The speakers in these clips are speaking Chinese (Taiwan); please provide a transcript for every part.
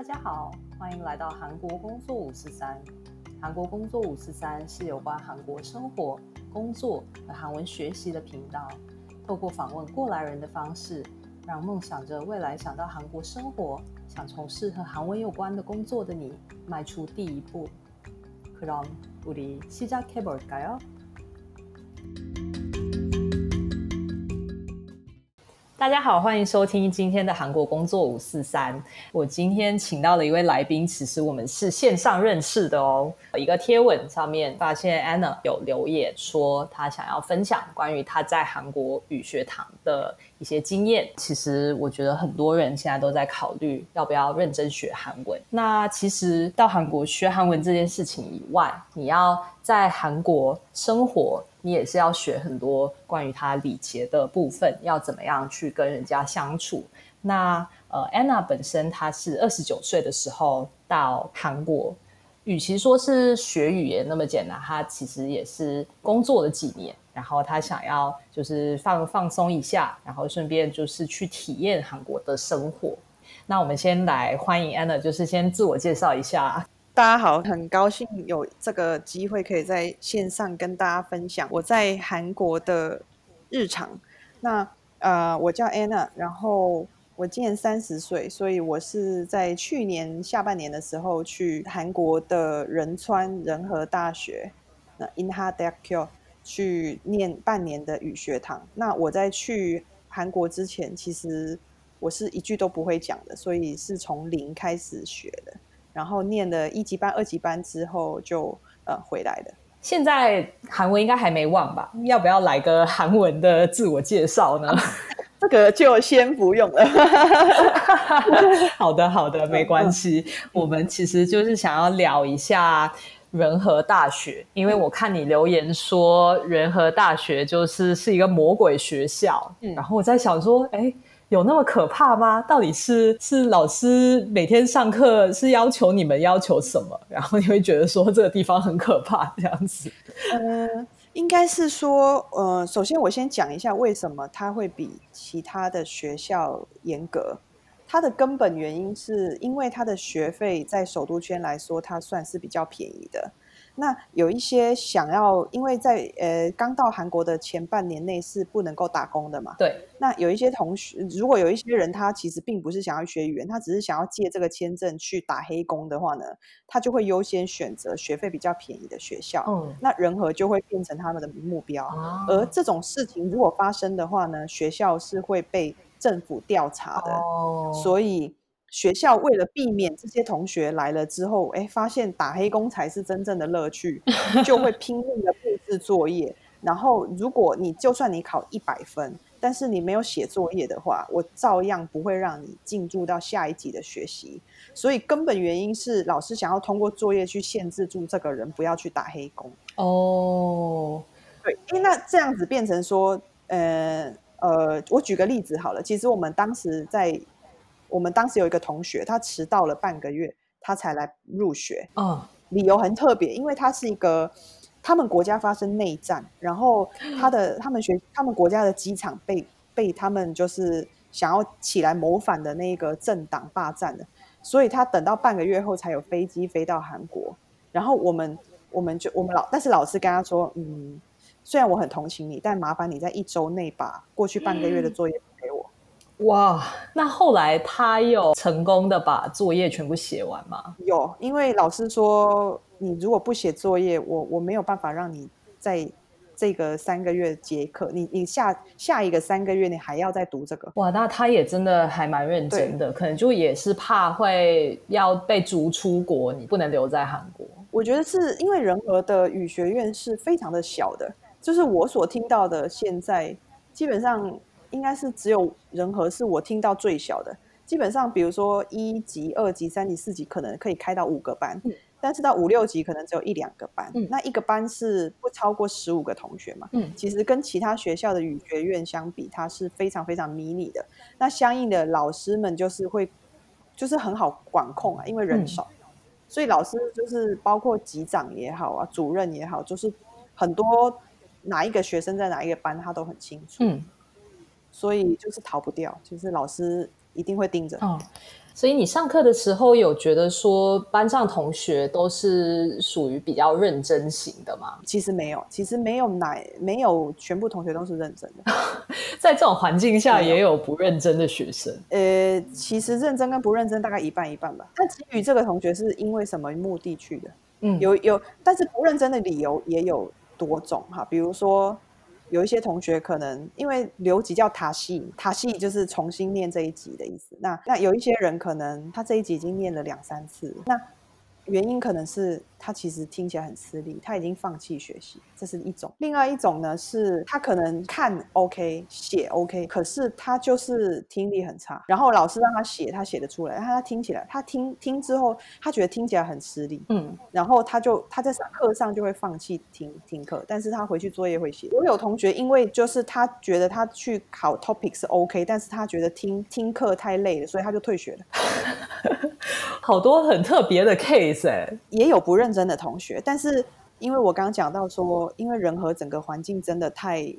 大家好，歡迎來到韓國工作五四三。韓國工作五四三是有關韓國生活、工作和韓文學習的頻道。透過訪問過來人的方式，讓夢想着未來想到韓國生活、想從事和韓文有關的工作的你邁出第一步。그럼우리시작해볼까요?大家好，歡迎收聽今天的韓國工作五四三。我今天請到了一位來賓，其實我們是線上認識的哦。一個貼文上面發現 Ana 有留言說，她想要分享關於她在韓國語學堂的一些經驗。其實我覺得很多人現在都在考慮要不要認真學韓文。那其實到韓國學韓文這件事情以外，你要在韓國生活。你也是要學很多關於他禮節的部分，要怎麼樣去跟人家相處。那呃，Anna 本身她是二十九歲的時候到韓國，與其說是學語言那麼簡單，她其實也是工作了幾年，然後她想要就是放放鬆一下，然後順便就是去體驗韓國的生活。那我們先來歡迎 Anna，就是先自我介紹一下。大家好，很高興有這個機會可以在線上跟大家分享我在韓國的日常。那呃，我叫 Ana，然後我今年三十歲，所以我是在去年下半年的時候去韓國的仁川仁荷大學，那 Inha Daegu 去念半年的語學堂。那我在去韓國之前，其實我是一句都不會講的，所以是從零開始學的。然後念了一級班、二級班之後就，就、嗯、呃回來了。現在韓文應該還沒忘吧？要不要來個韓文的自我介紹呢？這個就先不用了。好的，好的，沒關係、嗯。我們其實就是想要聊一下仁荷大學、嗯，因為我看你留言說仁荷大學就是是一個魔鬼學校，嗯、然後我在想說，哎、欸。有那麼可怕嗎？到底是是老師每天上課是要求你們要求什麼，然後你會覺得說這個地方很可怕這樣子？嗯、呃，應該是說，呃，首先我先講一下為什麼它會比其他的學校嚴格，它的根本原因是因為它的學費在首都圈來說，它算是比較便宜的。那有一些想要，因為在呃剛到韓國的前半年內是不能夠打工的嘛。對。那有一些同學，如果有一些人他其實並不是想要學語言，他只是想要借這個簽證去打黑工的話呢，他就會優先選擇學費比較便宜的學校。嗯。哦。那仁和就會變成他們的目標。哦。而這種事情如果發生的話呢，學校是會被政府調查的。哦。所以。學校為了避免這些同學來了之後，誒，發現打黑工才是真正的樂趣，就會拼命的佈置作業。 然後，如果你就算你考一百分，但是你沒有寫作業的話，我照樣不會讓你進入到下一級的學習。所以，根本原因是老師想要通過作業去限制住這個人，不要去打黑工。哦、oh.，對，因為那這樣子變成說，呃呃，我舉個例子好了。其實我們當時在。我們當時有一個同學，他遲到了半個月，他才來入學。嗯，理由很特別，因為他是一個他們國家發生內戰，然後他的他們學他們國家的機場被被他們就是想要起來謀反的那個政黨霸占了。所以他等到半個月後才有飛機飛到韓國。然後我們我們就我們老但是老師跟他說，嗯，雖然我很同情你，但麻煩你在一周內把過去半個月的作業，嗯。哇、wow，那後來他又成功的把作業全部寫完嗎？有，因為老師說，你如果不寫作業，我我沒有辦法讓你在這個三個月結課，你你下下一個三個月你還要再讀這個。哇、wow，那他也真的還蠻認真的，可能就也是怕會要被逐出國，你不能留在韓國。我覺得是因為仁荷的語學院是非常的小的，就是我所聽到的，現在基本上。應該是只有仁荷是我聽到最小的。基本上，比如說一級、二級、三級、四級，可能可以開到五個班，嗯，但是到五六級可能只有一兩個班，嗯。那一個班是不超過十五個同學嘛，嗯？其實跟其他學校的語學院相比，它是非常非常迷你的。那相應的老師們就是會，就是很好管控啊，因為人少，嗯、所以老師就是包括級長也好啊，主任也好，就是很多哪一個學生在哪一個班，他都很清楚。嗯所以就是逃不掉，就是老師一定會盯着。嗯、哦，所以你上課的時候有覺得說班上同學都是屬於比較認真型的嗎？其實沒有，其實沒有哪，沒有全部同學都是認真的。 在這種環境下，也有不認真的學生。呃，其實認真跟不認真大概一半一半吧。那其餘這個同學是因為什麼目的去的？嗯，有有，但是不認真的理由也有多種哈，比如說。有一些同學可能因為留級叫塔系，嗯，塔系就是重新念這一級的意思。那那有一些人可能他這一級已經念了兩三次。那原因可能是他其實聽起來很吃力，他已經放棄學習，這是一種。另外一種呢是，他可能看 OK，寫 OK，可是他就是聽力很差。然後老師讓他寫，他寫得出來，但他聽起來，他聽聽之後，他覺得聽起來很吃力。嗯，然後他就他在課上就會放棄聽聽課，但是他回去作業會寫。我有同學因為就是他覺得他去考 TOPIK 是 OK，但是他覺得聽聽課太累了，所以他就退學了。 好多很特別的 case 哎、欸，也有不認真的同學，但是因為我剛剛講到說，因為仁荷整個環境真的太，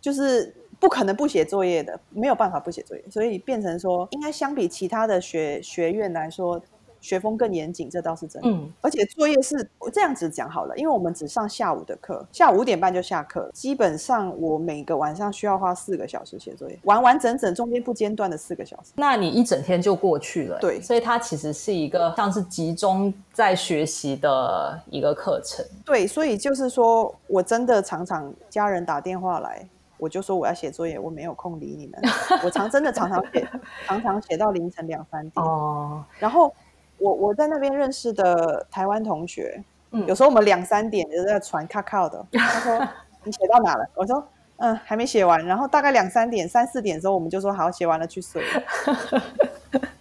就是不可能不寫作業的，沒有辦法不寫作業，所以變成說，應該相比其他的學學院來說。學風更嚴謹，這倒是真的。嗯，而且作業是我這樣子講好了，因為我們只上下午的課，下午五點半就下課了。基本上我每個晚上需要花四個小時寫作業，完完整整、中間不間斷的四個小時。那你一整天就過去了。對，所以它其實是一個像是集中在學習的一個課程。對，所以就是說我真的常常家人打電話來，我就說我要寫作業，我沒有空理你們。 我常真的常常寫，常常寫到凌晨兩三點。哦，然後。我我在那邊認識的台灣同學，嗯，有時候我們兩三點就在傳卡卡的，他說 你寫到哪了？我說嗯，還沒寫完，然後大概兩三點三四點的時候我們就說好寫完了去睡。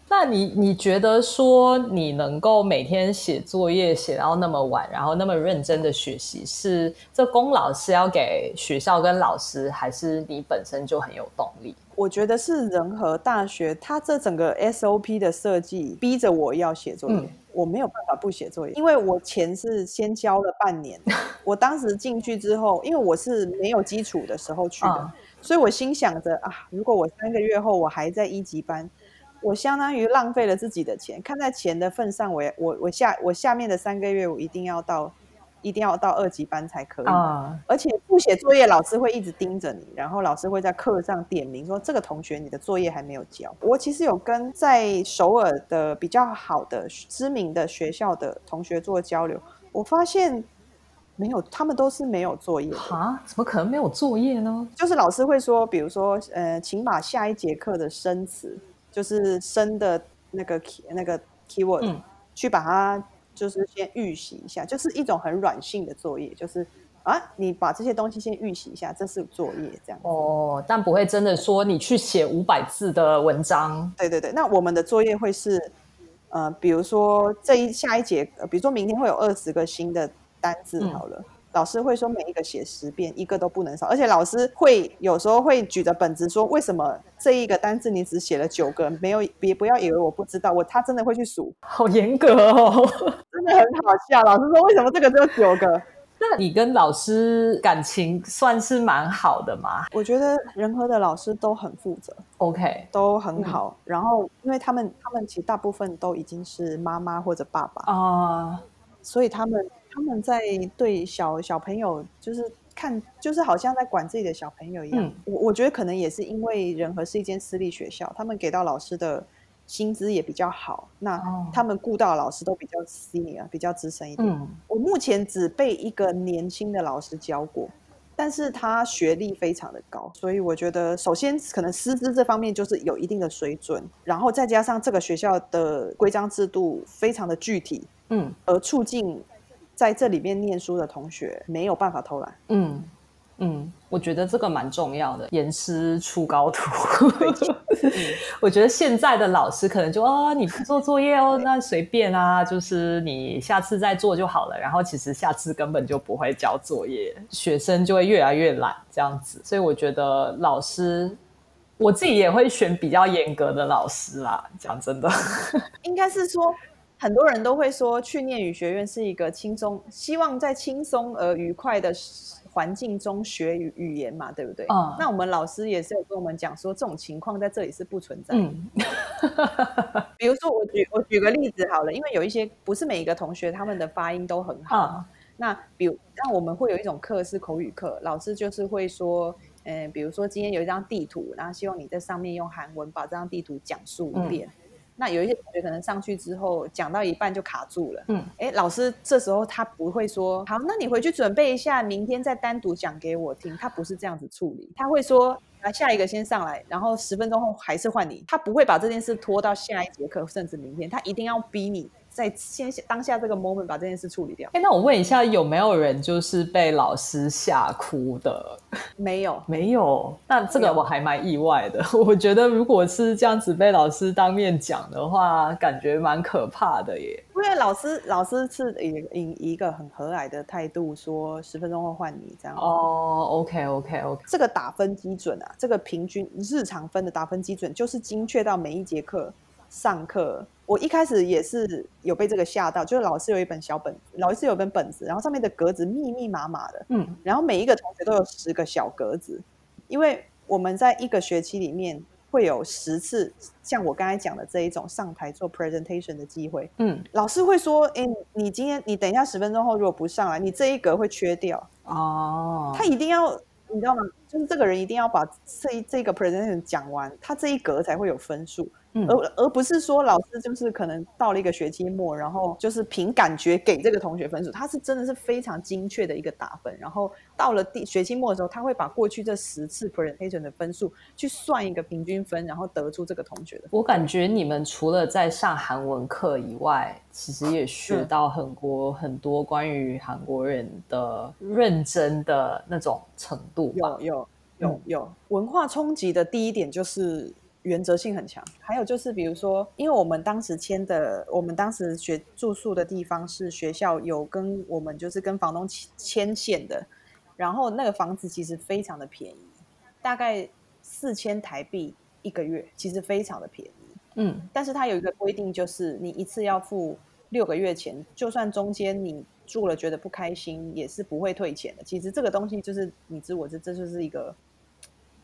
那你你覺得說你能夠每天寫作業寫到那麼晚，然後那麼認真的學習，是這功勞是要給學校跟老師，還是你本身就很有動力？我覺得是仁荷大學，它這整個 SOP 的設計逼着我要寫作業，嗯，我沒有辦法不寫作業，因為我錢是先交了半年。 我當時進去之後，因為我是沒有基礎的時候去的，嗯、所以我心想着啊，如果我三個月後我還在一級班，我相當於浪費了自己的錢。看在錢的份上，我我我下我下面的三個月我一定要到。一定要到二級班才可以，而且不寫作業，老師會一直盯着你。然後老師會在課上點名說：“這個同學，你的作業還沒有交。”我其實有跟在首爾的比較好的、知名的學校的同學做交流，我發現沒有，他們都是沒有作業啊？怎麼可能沒有作業呢？就是老師會說，比如說，呃，請把下一節課的生詞，就是生的那個 key 那個 keyword，去把它。就是先預習一下，就是一種很軟性的作業，就是啊，你把這些東西先預習一下，這是作業這樣。哦，但不會真的說你去寫五百字的文章。對對對，那我們的作業會是，呃，比如說這一下一節，比如說明天會有二十個新的單字好了。嗯老師會說每一個寫十遍，一個都不能少。而且老師會有時候會舉着本子說：“為什麼這一個單字？你只寫了九個？沒有，別不要以為我不知道，我他真的會去數。”好嚴格哦，真的很好笑。老師說：“為什麼這個只有九個？”那 你跟老師感情算是蠻好的嗎？我覺得仁荷的老師都很負責，OK，都很好、嗯。然後因為他們他們其實大部分都已經是媽媽或者爸爸啊，uh... 所以他們。他們在對小小朋友，就是看，就是好像在管自己的小朋友一樣。嗯、我我覺得可能也是因為仁荷是一間私立學校，他們給到老師的薪資也比較好，那他們雇到老師都比較 senior，、哦、比較資深一點、嗯。我目前只被一個年輕的老師教過，但是他學歷非常的高，所以我覺得首先可能師資這方面就是有一定的水準，然後再加上這個學校的規章制度非常的具體，嗯，而促進，在這裡面念書的同學沒有辦法偷懶。嗯嗯，我覺得這個蠻重要的，嚴師出高徒、 嗯。我覺得現在的老師可能就啊、哦、你不做作業哦，那隨便啊，就是你下次再做就好了。然後其實下次根本就不會交作業，學生就會越來越懶這樣子。所以我覺得老師，我自己也會選比較嚴格的老師啦。講真的， 應該是說。很多人都會說，去念語學院是一個輕鬆，希望在輕鬆而愉快的環境中學語語言嘛，對不對？啊、嗯。那我們老師也是有跟我們講說，這種情況在這裡是不存在。嗯。 比如說，我舉我舉個例子好了，因為有一些不是每一個同學他們的發音都很好。嗯、那比如，那我們會有一種課是口語課，老師就是會說，嗯、呃，比如說今天有一張地圖，然後希望你在上面用韓文把這張地圖講述一遍。嗯那有一些同學可能上去之後講到一半就卡住了，嗯，哎、欸，老師這時候他不會說，好，那你回去準備一下，明天再單獨講給我聽，他不是這樣子處理，他會說，啊，下一個先上來，然後十分鐘後還是換你，他不會把這件事拖到下一節課甚至明天，他一定要逼你。在先當下這個 moment 把這件事處理掉。哎、欸，那我問一下，有沒有人就是被老師嚇哭的？沒有， 沒有。那這個我還蠻意外的。我覺得如果是這樣子被老師當面講的話，感覺蠻可怕的耶。因為老師，老師是以以一個很和藹的態度說，十分鐘後換你這樣。哦、oh，OK，OK，OK、okay, okay, okay。這個打分基準啊，這個平均日常分的打分基準，就是精確到每一節課。上課，我一開始也是有被這個嚇到，就是老師有一本小本，老師有一本本子，然後上面的格子密密麻麻的，嗯，然後每一個同學都有十個小格子，因為我們在一個學期裡面會有十次像我剛才講的這一種上台做 presentation 的機會，嗯，老師會說，哎，你今天你等一下十分鐘後如果不上來，你這一格會缺掉，哦，他一定要你知道嗎？就是這個人一定要把這，這一這個 presentation 講完，他這一格才會有分數。嗯、而而不是說老師就是可能到了一個學期末，然後就是憑感覺給這個同學分數，他是真的是非常精確的一個打分。然後到了第學期末的時候，他會把過去這十次 presentation 的分數去算一個平均分，然後得出這個同學的。我感覺你們除了在上韓文課以外，其實也學到很多、嗯、很多關於韓國人的認真的那種程度吧。有有有有、嗯、文化衝擊的第一點就是。原則性很強，還有就是，比如說，因為我們當時簽的，我們當時學住宿的地方是學校有跟我們就是跟房東牽線的，然後那個房子其實非常的便宜，大概四千台幣一個月，其實非常的便宜。嗯，但是它有一個規定，就是你一次要付六個月錢，就算中間你住了覺得不開心，也是不會退錢的。其實這個東西就是你知我知，這就是一個，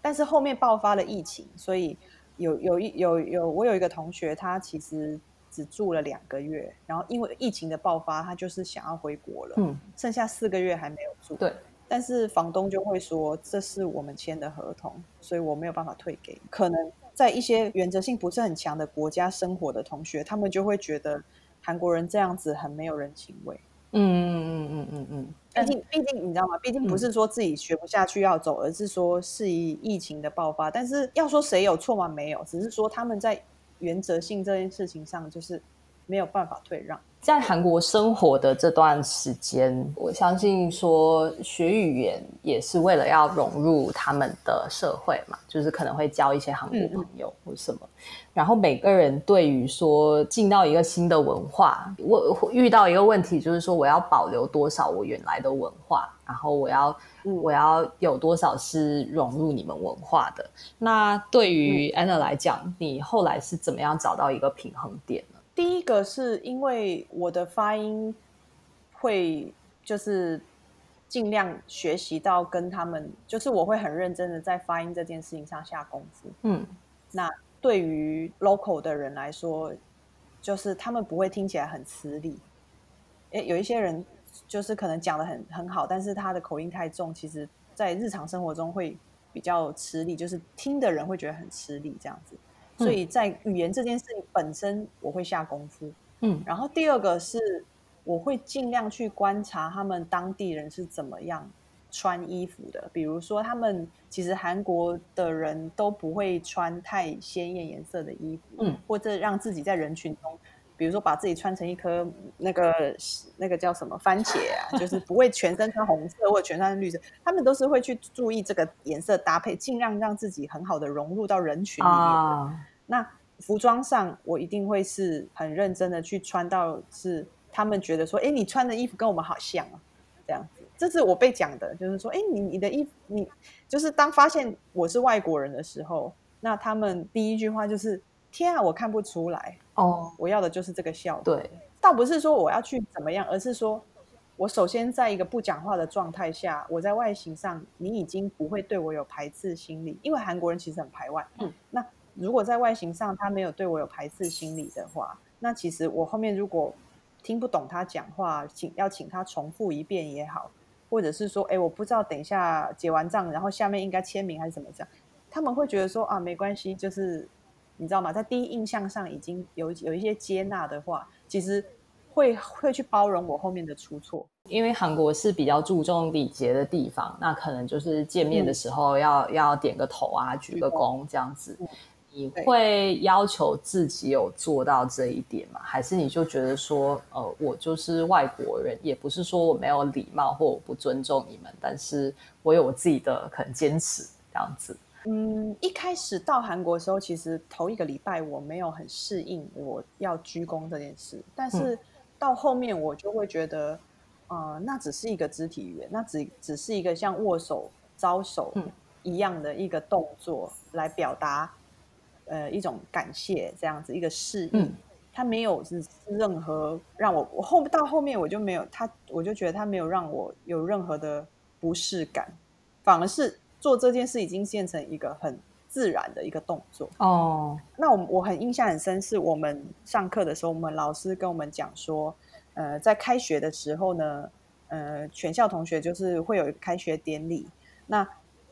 但是後面爆發了疫情，所以。有有一有有，我有一個同學，他其實只住了兩個月，然後因為疫情的爆發，他就是想要回國了，嗯，剩下四個月還沒有住，對。但是房東就會說，這是我們簽的合同，所以我沒有辦法退給你。可能在一些原則性不是很強的國家生活的同學，他們就會覺得韓國人這樣子很沒有人情味，嗯嗯嗯嗯嗯嗯。嗯嗯嗯畢竟，畢竟你知道嗎？畢竟不是說自己學不下去要走，嗯、而是說是以疫情的爆發。但是要說誰有錯嗎？沒有，只是說他們在原則性這件事情上就是。沒有辦法退讓。在韓國生活的這段時間，我相信說學語言也是為了要融入他們的社會嘛，就是可能會交一些韓國朋友或什麼。嗯嗯。然後每個人對於說進到一個新的文化，我遇到一個問題，就是說我要保留多少我原來的文化，然後我要、嗯、我要有多少是融入你們文化的？那對於 Anna 來講，你後來是怎麼樣找到一個平衡點？第一個是因為我的發音會就是盡量學習到跟他們，就是我會很認真的在發音這件事情上下功夫。嗯，那對於 local 的人來說，就是他們不會聽起來很吃力。哎、欸，有一些人就是可能講的很很好，但是他的口音太重，其實在日常生活中會比較吃力，就是聽的人會覺得很吃力這樣子。所以在語言這件事情本身，我會下功夫。嗯，然後第二個是，我會盡量去觀察他們當地人是怎麼樣穿衣服的。比如說，他們其實韓國的人都不會穿太鮮豔顏色的衣服，嗯，或者讓自己在人群中。比如說把自己穿成一顆那個 那個叫什麼番茄啊，就是不會全身穿紅色或者全身穿綠色，他們都是會去注意這個顏色搭配，尽量讓自己很好的融入到人群裡面，啊。那服裝上，我一定會是很認真的去穿到，是他們覺得說，哎，你穿的衣服跟我們好像啊，這樣子。這是我被講的，就是說，哎，你你的衣服，你就是當發現我是外國人的時候，那他們第一句話就是。天啊，我看不出來哦。Oh, 我要的就是這個效果。對。倒不是說我要去怎麼樣，而是說，我首先在一個不講話的狀態下，我在外形上，你已經不會對我有排斥心理，因為韓國人其實很排外。嗯。那如果在外形上他沒有對我有排斥心理的話，那其實我後面如果聽不懂他講話，請要請他重複一遍也好，或者是說，哎，我不知道，等一下結完賬，然後下面應該簽名還是怎麼講？他們會覺得說啊，沒關係，就是。你知道嗎？在第一印象上已經有有一些接納的話，其實會會去包容我後面的出錯。因為韓國是比較注重禮節的地方，那可能就是見面的時候要、嗯、要點個頭啊，鞠個躬、嗯、這樣子、嗯。你會要求自己有做到這一點嗎？還是你就覺得說，呃，我就是外國人，也不是說我沒有禮貌或我不尊重你們，但是我有我自己的可能堅持這樣子。嗯，一開始到韓國的時候，其實頭一個禮拜我沒有很適應我要鞠躬這件事。但是到後面我就會覺得，嗯、呃，那只是一個肢體語言，那只只是一個像握手、招手一樣的一個動作，嗯、來表達呃一種感謝這樣子一個適應、嗯、它沒有是任何讓我我後到後面我就沒有它，我就覺得它沒有讓我有任何的不適感，反而是。做這件事已經變成一個很自然的一個動作哦。Oh. 那我我很印象很深，是我們上課的時候，我們老師跟我們講說，呃，在開學的時候呢，呃，全校同學就是會有開學典禮。那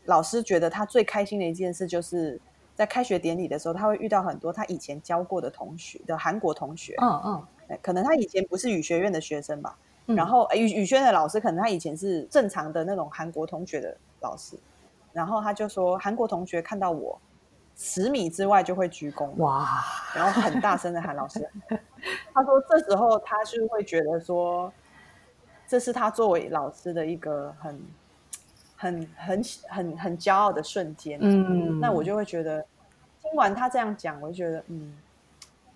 老師覺得他最開心的一件事，就是在開學典禮的時候，他會遇到很多他以前教過的同學的韓國同學。嗯、oh. 嗯、呃，可能他以前不是語學院的學生吧？然後、嗯呃、語語學院的老師，可能他以前是正常的那種韓國同學的老師。然後他就說，韓國同學看到我十米之外就會鞠躬，哇， 然後很大聲的喊老師。他說這時候他是會覺得說，這是他作為老師的一個很、很、很、很、很、很、很驕傲的瞬間。嗯，那我就會覺得，聽完他這樣講，我就覺得，嗯，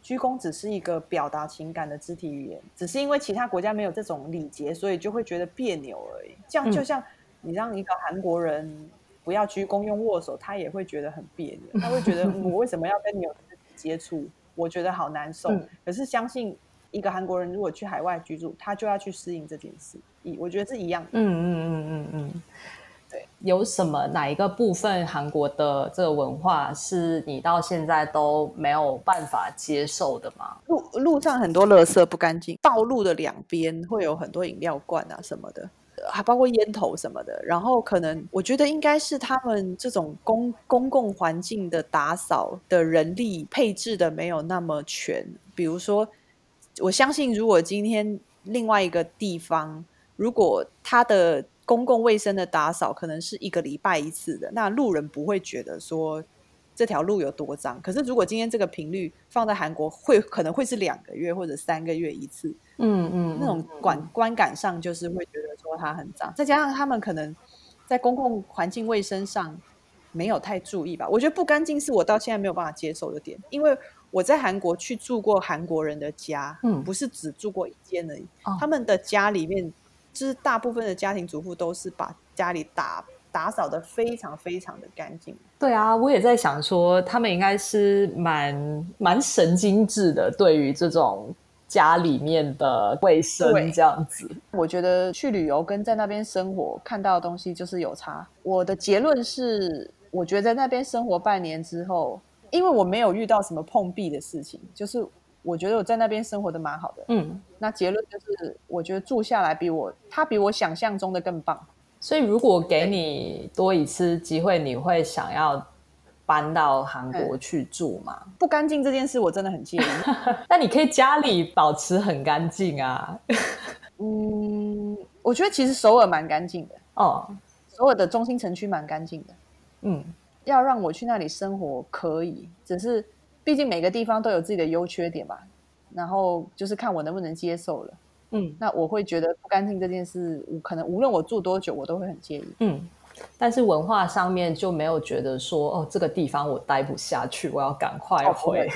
鞠躬只是一個表達情感的肢體語言，只是因為其他國家沒有這種禮節，所以就會覺得彆扭而已。這樣就像、嗯、你讓一個韓國人。不要鞠躬，用握手，他也會覺得很彆扭。他會覺得我為什麼要跟你有肢體接觸？ 我覺得好難受。可是相信一個韓國人如果去海外居住，他就要去適應這件事。我覺得是一樣的。嗯嗯嗯嗯嗯。對，有什麼哪一個部分韓國的這個文化是你到現在都沒有辦法接受的嗎？路路上很多垃圾不乾淨，道路的兩邊會有很多飲料罐啊什麼的。還包括煙頭什麼的，然後可能我覺得應該是他們這種公公共環境的打掃的人力配置的沒有那麼全。比如說，我相信如果今天另外一個地方，如果他的公共衛生的打掃可能是一個禮拜一次的，那路人不會覺得說這條路有多髒。可是如果今天這個頻率放在韓國會，會可能會是兩個月或者三個月一次，嗯嗯，那種觀、嗯、觀感上就是會覺得。它很髒，再加上他們可能在公共環境衛生上沒有太注意吧。我覺得不乾淨是我到現在沒有辦法接受的點，因為我在韓國去住過韓國人的家，嗯，不是只住過一間而已。哦、他們的家裡面，就是大部分的家庭主婦都是把家裡打打掃得非常非常的乾淨。對啊，我也在想說，他們應該是蠻蠻神經質的，對於這種。家裡面的衛生這樣子，我覺得去旅遊跟在那邊生活看到的東西就是有差。我的結論是，我覺得在那邊生活半年之後，因為我沒有遇到什麼碰壁的事情，就是我覺得我在那邊生活的蠻好的。嗯，那結論就是，我覺得住下來比我他比我想象中的更棒。所以，如果給你多一次機會，你會想要？搬到韓國去住嘛、嗯？不乾淨這件事我真的很介意。 但你可以家裡保持很乾淨啊。嗯，我覺得其實首爾蠻乾淨的哦。首爾的中心城區蠻乾淨的。嗯，要讓我去那裡生活可以，只是畢竟每個地方都有自己的優缺點吧。然後就是看我能不能接受了。嗯，那我會覺得不乾淨這件事，可能無論我住多久，我都會很介意。嗯。但是文化上面就沒有覺得說哦，這個地方我待不下去，我要趕快回、哦、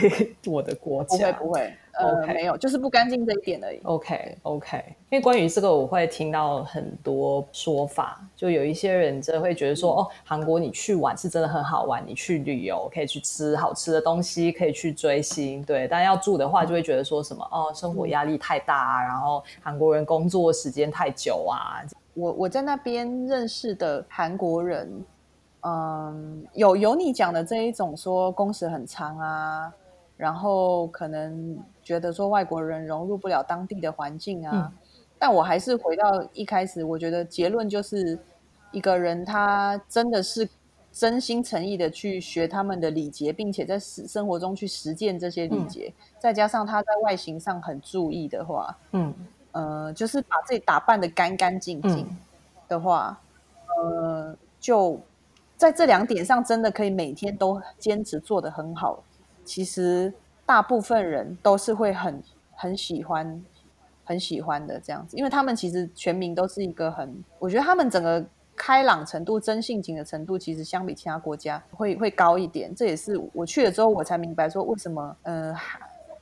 我的國家。不會，不會 okay,、呃，沒有，就是不乾淨這一點而已。OK，OK，、okay, okay. 因為關於這個，我會聽到很多說法，就有一些人就會覺得說、嗯，哦，韓國你去玩是真的很好玩，你去旅遊可以去吃好吃的東西，可以去追星，對。但要住的話，就會覺得說什麼哦，生活壓力太大、啊嗯，然後韓國人工作時間太久啊。我我在那邊認識的韓國人，嗯，有有你講的這一種說工時很長啊，然後可能覺得說外國人融入不了當地的環境啊。嗯、但我還是回到一開始，我覺得結論就是，一個人他真的是真心誠意的去學他們的禮節，並且在生生活中去實踐這些禮節、嗯，再加上他在外形上很注意的話，嗯。呃，就是把自己打扮得干干淨淨的話，嗯、呃，就在這兩點上，真的可以每天都堅持做得很好。其實，大部分人都是會很很喜歡、很喜歡的這樣子，因為他們其實全民都是一個很，我覺得他們整個開朗程度、真性情的程度，其實相比其他國家會會高一點。這也是我去了之後我才明白說，為什麼呃。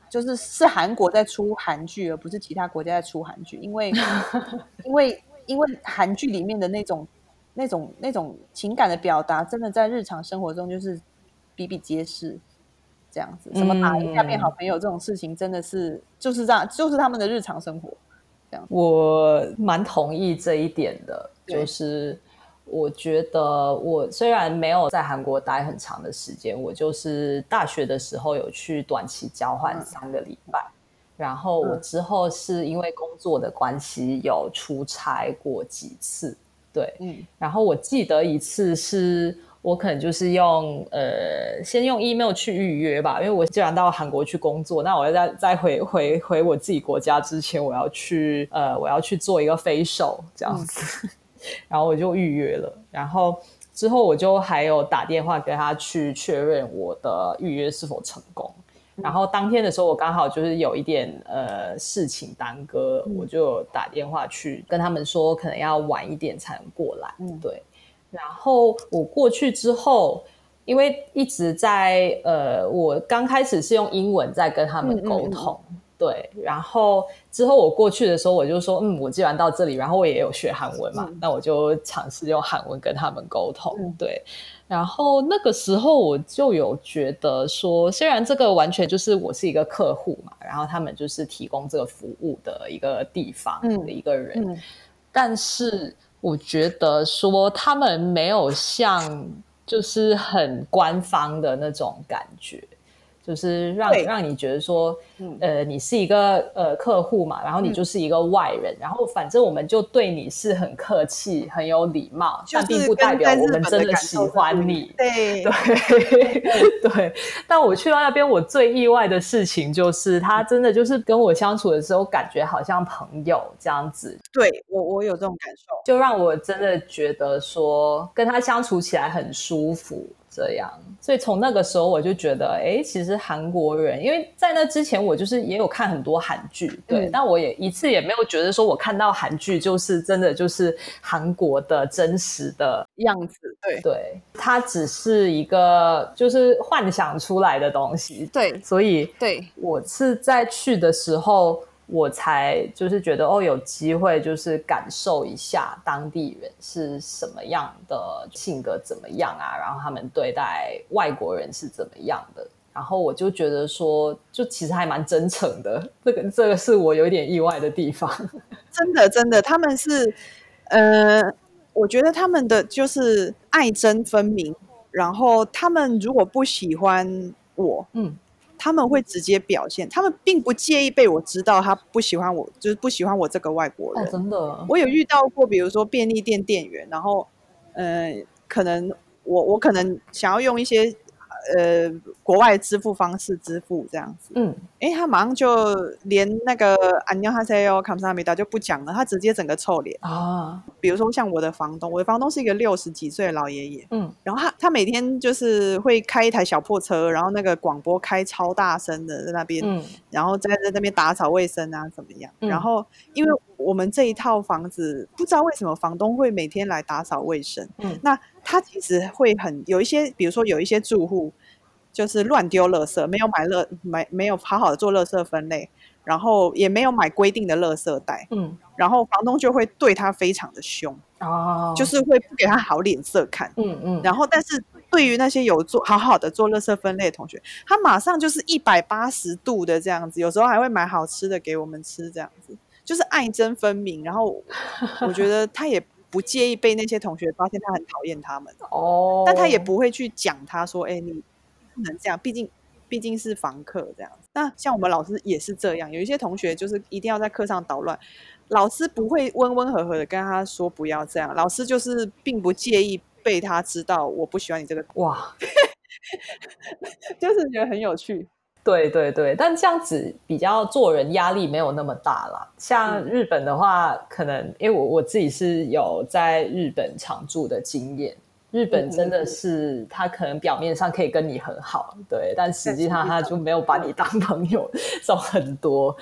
就是是韓國在出韓劇，而不是其他國家在出韓劇。因為， 因為，因為，因為韓劇裡面的那種、那種、那種情感的表達，真的在日常生活中就是比比皆是。這樣子，什麼打一架變好朋友這種事情，真的是、嗯、就是這樣，就是他們的日常生活。我蠻同意這一點的，就是。我覺得我雖然沒有在韓國待很長的時間，我就是大學的時候有去短期交換三個禮拜，嗯、然後我之後是因為工作的關係有出差過幾次，對，嗯、然後我記得一次是我可能就是用呃先用 email 去預約吧，因為我既然到韓國去工作，那我要再再，再回回回我自己國家之前，我要去呃我要去做一個 facial 這樣子。嗯然後我就預約了，然後之後我就還有打電話給他去確認我的預約是否成功。嗯、然後當天的時候，我剛好就是有一點呃事情耽擱，嗯、我就打電話去跟他們說，可能要晚一點才能過來，嗯。對。然後我過去之後，因為一直在呃，我剛開始是用英文在跟他們溝通。嗯嗯嗯對，然後之後我過去的時候，我就說，嗯，我既然到這裡，然後我也有學韓文嘛，嗯，那我就嘗試用韓文跟他們溝通，嗯。對，然後那個時候我就有覺得說，雖然這個完全就是我是一個客戶嘛，然後他們就是提供這個服務的一個地方的一個人，嗯嗯，但是我覺得說他們沒有像就是很官方的那種感覺。就是讓讓你覺得說、嗯，呃，你是一個呃客戶嘛，然後你就是一個外人、嗯，然後反正我們就對你是很客氣、很有禮貌，就是、但並不代表我們真的喜歡你。對對對，對，對，對。但我去到那邊，我最意外的事情就是，他真的就是跟我相處的時候，感覺好像朋友這樣子。對我，我有這種感受，就讓我真的覺得說，跟他相處起來很舒服。這樣，所以從那個時候我就覺得，誒，其實韓國人，因為在那之前我就是也有看很多韓劇，對、嗯，但我也一次也沒有覺得說我看到韓劇就是真的就是韓國的真實的樣子，對對，它只是一個就是幻想出來的東西，對，所以對，我是在去的時候。我才就是覺得哦，有機會就是感受一下當地人是什麼樣的性格，怎麼樣啊？然後他們對待外國人是怎麼樣的？然後我就覺得說，就其實還蠻真誠的。這個，這個是我有點意外的地方。真的，真的，他們是，呃，我覺得他們的就是愛憎分明。然後他們如果不喜歡我，嗯。他們會直接表現，他們並不介意被我知道他不喜歡我，就是不喜歡我這個外國人。哎、真的，我有遇到過，比如說便利店店員，然後，嗯、呃，可能我我可能想要用一些。呃，國外支付方式支付這樣子，嗯，哎、欸，他馬上就連那個 Anjasaio Kamshamida 就不講了，他直接整個臭臉啊。比如說像我的房東，我的房東是一個六十幾歲的老爺爺，嗯，然後他他每天就是會開一台小破車，然後那個廣播開超大聲的在那邊，嗯、然後在在那邊打掃衛生啊，怎麼樣？然後因為我。嗯我們這一套房子不知道為什麼房東會每天來打掃衛生。嗯，那他其實會很有一些，比如說有一些住戶就是亂丟垃圾，沒有買垃買沒有好好的做垃圾分類，然後也沒有買規定的垃圾袋。嗯，然後房東就會對他非常的兇。哦，就是會不給他好臉色看。嗯嗯。然後，但是對於那些有做好好的做垃圾分類的同學，他馬上就是一百八十度的這樣子，有時候還會買好吃的給我們吃這樣子。就是愛憎分明，然後我覺得他也不介意被那些同學發現他很討厭他們哦， 但他也不會去講他說，哎，你不能這樣，畢竟畢竟是房客這樣。那像我們老師也是這樣，有一些同學就是一定要在課上搗亂，老師不會溫溫和和的跟他說不要這樣，老師就是並不介意被他知道，我不喜歡你這個哇， 就是覺得很有趣。對對對，但這樣子比較做人壓力沒有那麼大啦。像日本的話，嗯、可能因為我我自己是有在日本常住的經驗，日本真的是、嗯、他可能表面上可以跟你很好、嗯，對，但實際上他就沒有把你當朋友，這、嗯、種很多。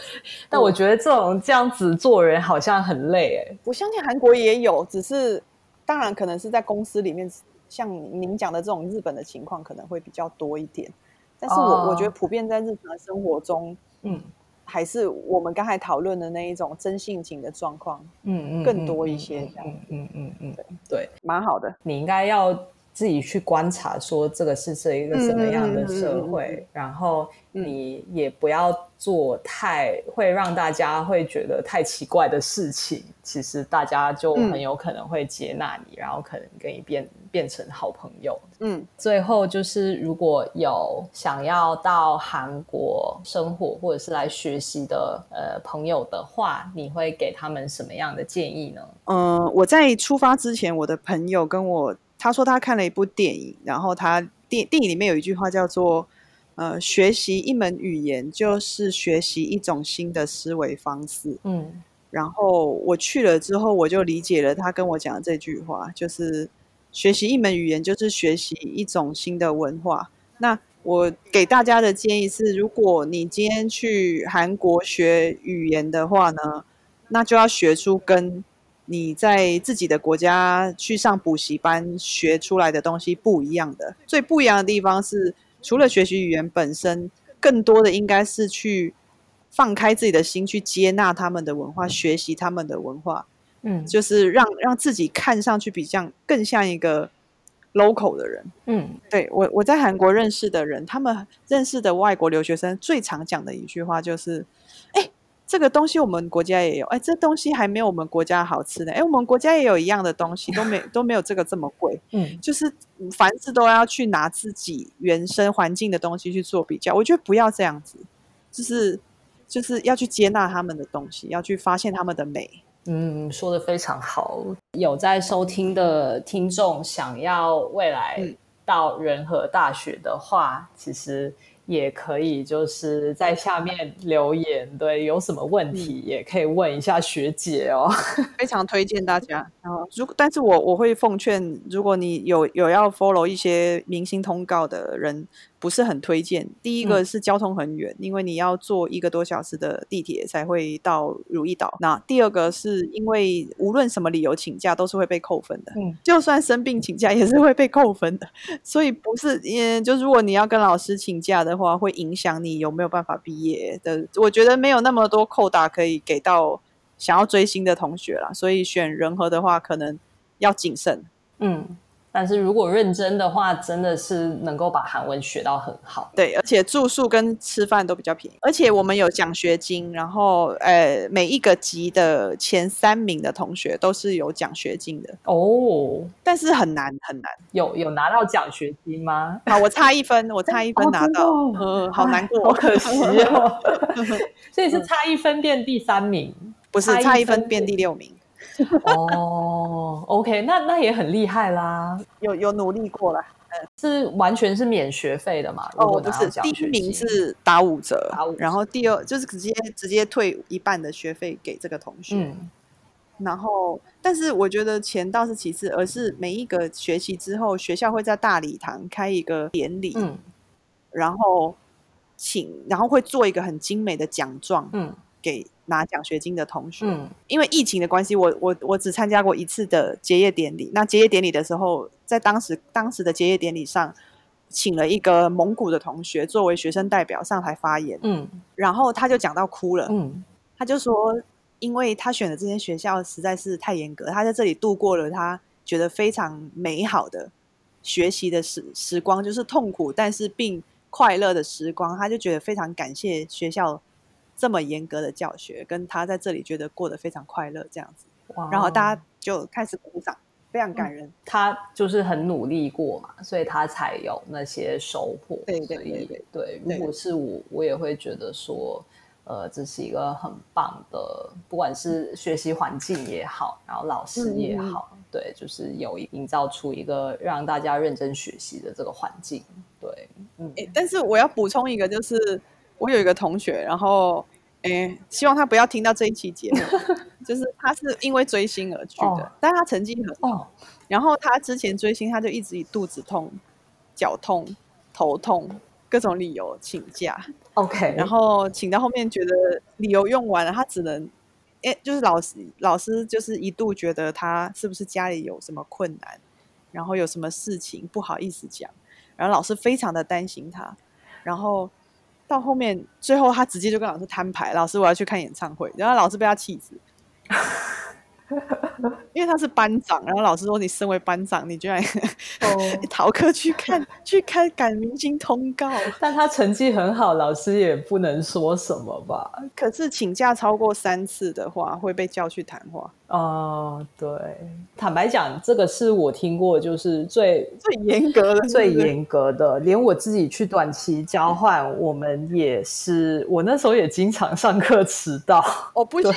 但我覺得這種這樣子做人好像很累、欸。哎，我相信韓國也有，只是當然可能是在公司裡面，像您講的這種日本的情況可能會比較多一點。但是我、oh, 我覺得普遍在日常生活中，嗯，還是我們剛才討論的那一種真性情的狀況，嗯，更多一些這樣，嗯嗯嗯嗯，嗯，嗯，嗯，對，蠻好的，你應該要，自己去觀察，說這個是這一個什麼樣的社會，嗯，然後你也不要做太會讓大家會覺得太奇怪的事情。其實大家就很有可能會接納你，嗯，然後可能跟你變變成好朋友。嗯，最後就是如果有想要到韓國生活或者是來學習的呃朋友的話，你會給他們什麼樣的建議呢？嗯，呃，我在出發之前，我的朋友跟我。他說他看了一部電影，然後他電電影裡面有一句話叫做：“呃，學習一門語言就是學習一種新的思維方式。”嗯，然後我去了之後，我就理解了他跟我講的這句話，就是學習一門語言就是學習一種新的文化。那我給大家的建議是，如果你今天去韓國學語言的話呢，那就要學出跟。你在自己的國家去上補習班學出來的東西不一樣的，最不一樣的地方是，除了學習語言本身，更多的應該是去放開自己的心，去接納他們的文化，學習他們的文化，嗯，就是讓讓自己看上去比較更像一個 local 的人，嗯，對，我我在韓國認識的人，他們認識的外國留學生最常講的一句話就是，哎。這個東西我們國家也有，哎，這東西還沒有我們國家的好吃呢。哎，我們國家也有一樣的東西，都沒都沒有這個這麼貴。 嗯，就是凡事都要去拿自己原生環境的東西去做比較，我覺得不要這樣子，就是就是要去接納他們的東西，要去發現他們的美。嗯，說的非常好。有在收聽的聽眾，想要未來到仁和大學的話，嗯、其實。也可以，就是在下面留言，對，有什麼問題也可以問一下學姐哦。非常推薦大家。如，但是我我會奉勸，如果你有有要 follow 一些明星通告的人，不是很推薦。第一個是交通很遠，嗯，因為你要坐一個多小時的地鐵才會到如意島。那第二個是因為無論什麼理由請假都是會被扣分的，嗯、就算生病請假也是會被扣分的。所以不是，也就如果你要跟老師請假的話，會影響你有沒有辦法畢業的。我覺得沒有那麼多扣打可以給到想要追星的同學啦，所以選仁荷的話，可能要謹慎。嗯。但是如果認真的話，真的是能夠把韓文學到很好。對，而且住宿跟吃飯都比較便宜，而且我們有獎學金，然後呃，每一個級的前三名的同學都是有獎學金的。哦，但是很難很難。有，有拿到獎學金嗎？啊，我差一分，我差一分拿到，哦哦、好難過，啊、好可惜。哦。 所以是差一分變第三名，不、嗯、是差一分變第六名。哦、 oh,，OK，那那也很厲害啦，有有努力過了，是完全是免學費的嘛？哦、oh,，就是，第一名是打五折，打五折然後第二就是直接直接退一半的學費給這個同學，嗯、然後但是我覺得錢倒是其次，而是每一個學期之後，學校會在大禮堂開一個典禮、嗯，然後請然後會做一個很精美的獎狀，嗯，給拿獎學金的同學，因為疫情的關係，我我我只參加過一次的結業典禮。那結業典禮的時候，在當時當時的結業典禮上，請了一個蒙古的同學作為學生代表上台發言，然後他就講到哭了，他就說，因為他選的這間學校實在是太嚴格，他在這裡度過了他覺得非常美好的學習的時時光，就是痛苦但是並快樂的時光，他就覺得非常感謝學校。這麼嚴格的教學，跟他在這裡覺得過得非常快樂，這樣子，哇、wow，然後大家就開始鼓掌，非常感人、嗯。他就是很努力過嘛，所以他才有那些收穫。對對對對。對，如果是我，我也會覺得說，呃，這是一個很棒的，不管是學習環境也好，然後老師也好，嗯、對，就是有營造出一個讓大家認真學習的這個環境。對，嗯。哎，但是我要補充一個，就是。我有一個同學，然後誒，希望他不要聽到這一期節目。 就是他是因為追星而去的，Oh. 但他成績很好。Oh. Oh. 然後他之前追星，他就一直以肚子痛、腳痛、頭痛各種理由請假。OK。然後請到後面，覺得理由用完了，他只能誒，就是老師老師就是一度覺得他是不是家裡有什麼困難，然後有什麼事情不好意思講，然後老師非常的擔心他，然後。到後面，最後他直接就跟老師攤牌：“老師，我要去看演唱會。”然後老師被他氣死。 因為他是班長，然後老師說：“你身為班長，你居然、oh. 逃課去看、 去看趕明星通告。”但他成績很好，老師也不能說什麼吧？可是請假超過三次的話，會被叫去談話。哦、oh，對。坦白講，這個是我聽過就是最最嚴格的、 最嚴格的，連我自己去短期交換， 我們也是。我那時候也經常上課遲到，哦、oh，不對，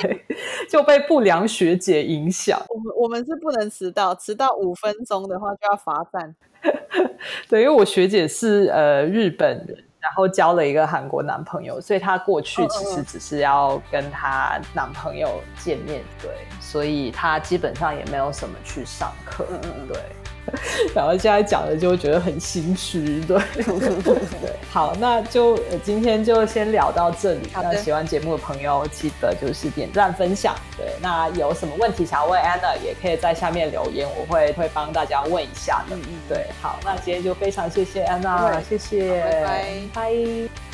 就被不良學姐影響。我們我們是不能遲到，遲到五分鐘的話就要罰站。 對，因為我學姐是呃日本人，然後交了一個韓國男朋友，所以她過去其實只是要跟她男朋友見面，對，所以她基本上也沒有什麼去上課。對。然後現在講的就會覺得很心虛，對對 好，那就今天就先聊到這裡。那喜歡節目的朋友，記得就是點讚分享。對，那有什麼問題想要問安娜，也可以在下面留言，我會會幫大家問一下的。嗯嗯，對。好，那今天就非常謝謝安娜、嗯，謝謝，拜拜。Bye